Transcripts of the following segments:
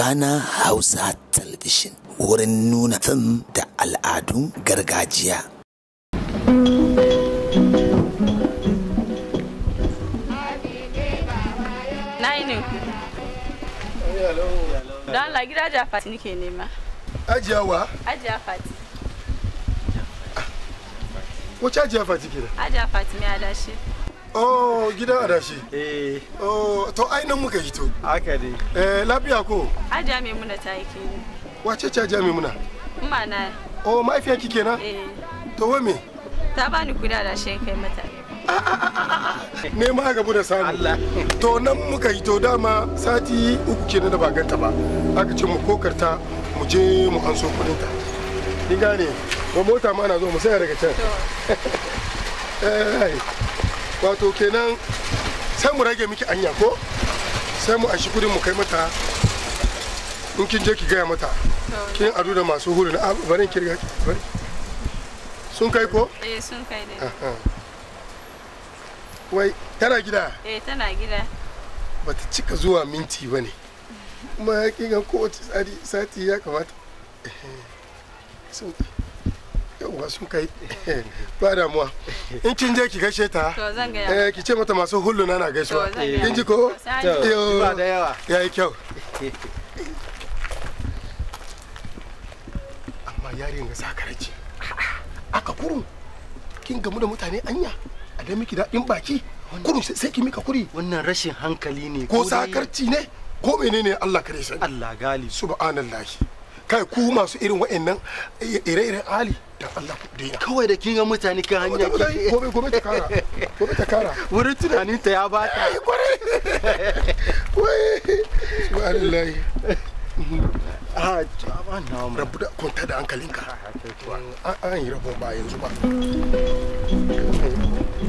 Ghana Hausa Television wurin nuna fim da al'adun gargajiya. Don Allah gida Ajiya Fati nema. Ajiya wa? Ajiya Fati. Ah. Wace Ajiya Fati ke da? Ajiya Fati mai adashi. Oh, gida adashi. Eh. Oh, to ai nan muka hito. Haka dai. Eh, lafiya ko? Aja mai muna ta yake ni. Wace ce aja mai muna? Mma na. Oh, mahaifiyar ki kenan? Eh. To wai me? Ta bani kuɗi adashi kai mata. Ne ma gabu da samu. Allah. To nan muka hito dama sati uku kenan da ba ganta ba. Aka ce mu kokarta mu je mu anso so ta, Ni gane, ba mota ma na zo mu saya daga can. Eh. wato kenan sai mu rage miki anya ko sai mu ashi kudin mu kai mata in kin je ki gaya mata kin adu da masu hulu na ah, barin ki riga bari sun kai ko eh sun kai dai wai tana gida eh tana gida bata cika zuwa minti ba ne kuma ya kinga kowace sati ya kamata sun kai yawa sun kai ba damuwa in kin je ki gaishe ta eh ki ce mata masu hullu na gaisuwa kin ji ko ba da yawa yayi kyau amma yarin ga sakarci aka kurun kin gamu da mutane anya a da miki daɗin baki kurun sai ki mika kuri wannan rashin hankali ne ko sakarci ne ko menene Allah kare sani Allah gali subhanallahi kai ku masu irin wa'annan eh, ire-iren ali dan Allah ku daina kawai da kin ga mutane kan hanya ke gobe gobe ta kara gobe ta kara wurin tunanin ta ya bata eh, wai subhanallahi ah, a rabu da kwanta da hankalinka an ah, an yi rabon ba yanzu ba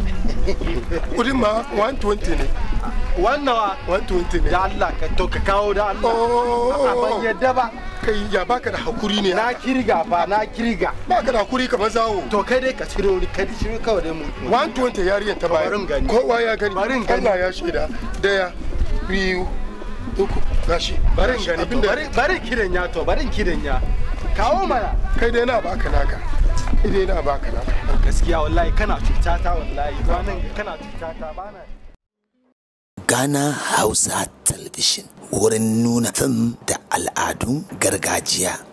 kudin ma 120 ne wannan wa 120 ne da Allah ka to ka kawo da Allah oh. ban yadda ba kai ya baka da hakuri ne na kirga ba na kirga baka da hakuri kamar zawo to kai dai ka ciro ni ka ciro kawai dai mu 120 yariyan ta ko kowa ya gani Allah ya shaida daya biyu uku gashi barin gani barin barin kidan ya to barin kidan ya kawo mana kai dai na baka naka kai dai na baka naka gaskiya wallahi kana cutata wallahi wannan kana cutata bana Ghana Hausa Television wurin nuna fim da al'adun gargajiya